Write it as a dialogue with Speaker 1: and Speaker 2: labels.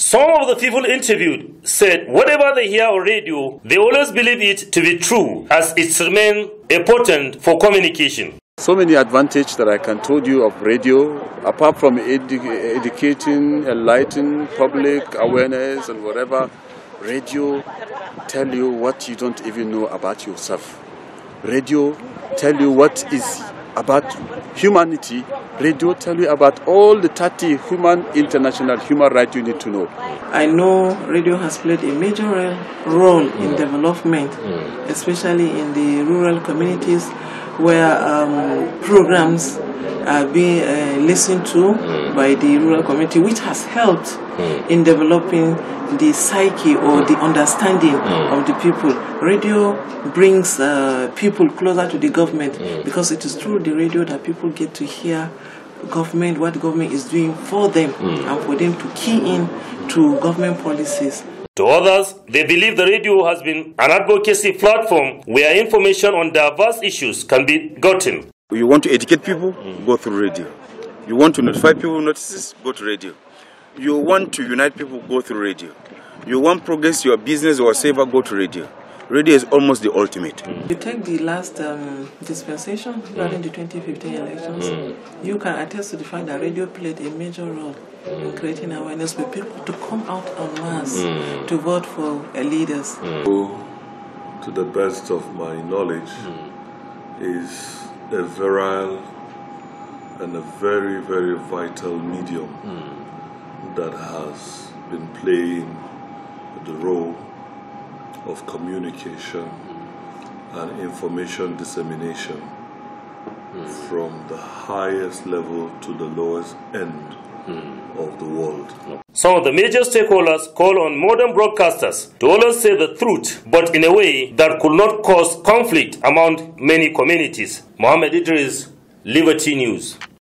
Speaker 1: Some of the people interviewed said whatever they hear on radio, they always believe it to be true as it remains important for communication.
Speaker 2: So many advantages that I can tell you of radio, apart from edu educating, enlightening public awareness and whatever, radio tell you what you don't even know about yourself. Radio tell you what is about humanity, radio tell you about all the 30 human international human rights you need to know. I know radio has played a major role in development,
Speaker 3: especially in the rural communities where um, programs are being uh, listened to by the rural community, which has helped mm. in developing the psyche or mm. the understanding mm. of the people. Radio brings uh, people closer to the government hmm. because it is through the radio that people get to hear government, what government is doing for them, hmm. and for them to key in to government policies.
Speaker 1: To others, they believe the radio has been an advocacy platform where information on diverse issues can be gotten. You want to educate people?
Speaker 2: Go through radio. You want to
Speaker 1: notify people notices? Go to radio. You want to unite
Speaker 2: people? Go through radio. You want progress your business or saver? Go to radio. Radio is almost the ultimate. You
Speaker 3: take the last um, dispensation during the 2015 elections. Mm. You can attest to the fact that radio played a major role in creating awareness for people to come out en masse mm. to
Speaker 4: vote for leaders. Who, mm. to the best of my knowledge, is a virile and a very, very vital medium mm. that has been playing the role of communication mm. and information dissemination mm. from the highest level to the lowest end of the world. Some of the major
Speaker 1: stakeholders call on modern broadcasters to always say the truth, but in a way that could not cause conflict among many communities. Mohammed Idris, Liberty News.